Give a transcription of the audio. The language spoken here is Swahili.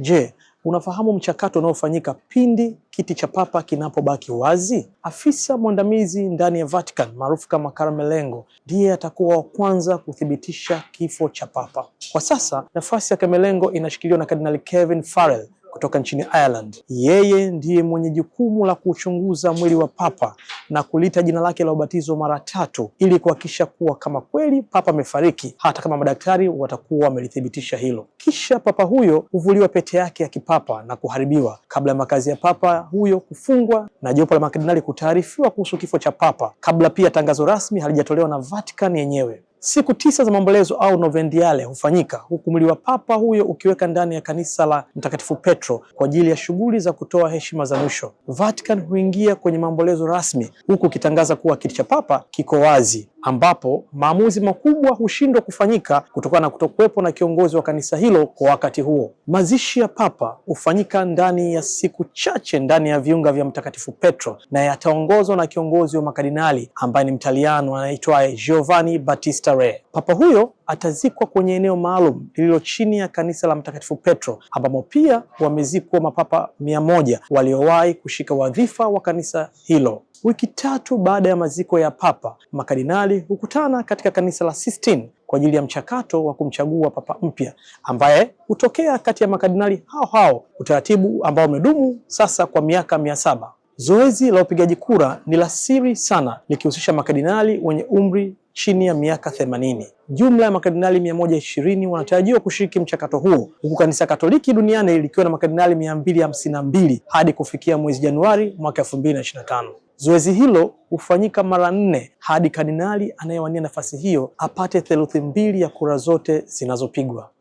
Je, unafahamu mchakato unaofanyika pindi kiti cha papa kinapobaki wazi? Afisa mwandamizi ndani ya Vatican maarufu kama Carmelengo ndiye atakuwa wa kwanza kuthibitisha kifo cha papa. Kwa sasa nafasi ya Carmelengo inashikiliwa na Kardinali Kevin Farrell kutoka nchini Ireland. Yeye ndiye mwenye jukumu la kuuchunguza mwili wa Papa na kulita jina lake la ubatizo mara tatu ili kuhakikisha kuwa kama kweli Papa amefariki, hata kama madaktari watakuwa wamelithibitisha hilo. Kisha Papa huyo huvuliwa pete yake ya kipapa na kuharibiwa kabla ya makazi ya Papa huyo kufungwa na jopo la makardinali kutaarifiwa kuhusu kifo cha Papa kabla pia tangazo rasmi halijatolewa na Vatican yenyewe. Siku tisa za maombolezo au novendiale hufanyika huku mwili wa papa huyo ukiweka ndani ya kanisa la Mtakatifu Petro kwa ajili ya shughuli za kutoa heshima za mwisho. Vatican huingia kwenye maombolezo rasmi huku ukitangaza kuwa kiti cha papa kiko wazi ambapo maamuzi makubwa hushindwa kufanyika kutokana na kutokuwepo na kiongozi wa kanisa hilo kwa wakati huo. Mazishi ya papa hufanyika ndani ya siku chache ndani ya viunga vya Mtakatifu Petro na yataongozwa na kiongozi wa makardinali ambaye ni Mtaliano anaitwaye Giovanni Battista Re. Papa huyo atazikwa kwenye eneo maalum lililo chini ya kanisa la Mtakatifu Petro, ambamo pia wamezikwa mapapa mia moja waliowahi kushika wadhifa wa kanisa hilo. Wiki tatu baada ya maziko ya papa, makadinali hukutana katika kanisa la Sistine kwa ajili ya mchakato wa kumchagua papa mpya ambaye hutokea kati ya makadinali hao hao, utaratibu ambao umedumu sasa kwa miaka mia saba. Zoezi la upigaji kura ni la siri sana likihusisha makadinali wenye umri chini ya miaka 80. Jumla ya makadinali 120 wanatarajiwa kushiriki mchakato huo, huku kanisa Katoliki duniani likiwa na makadinali 252 hadi kufikia mwezi Januari mwaka 2025. Zoezi hilo hufanyika mara nne hadi kadinali anayewania nafasi hiyo apate theluthi mbili ya kura zote zinazopigwa.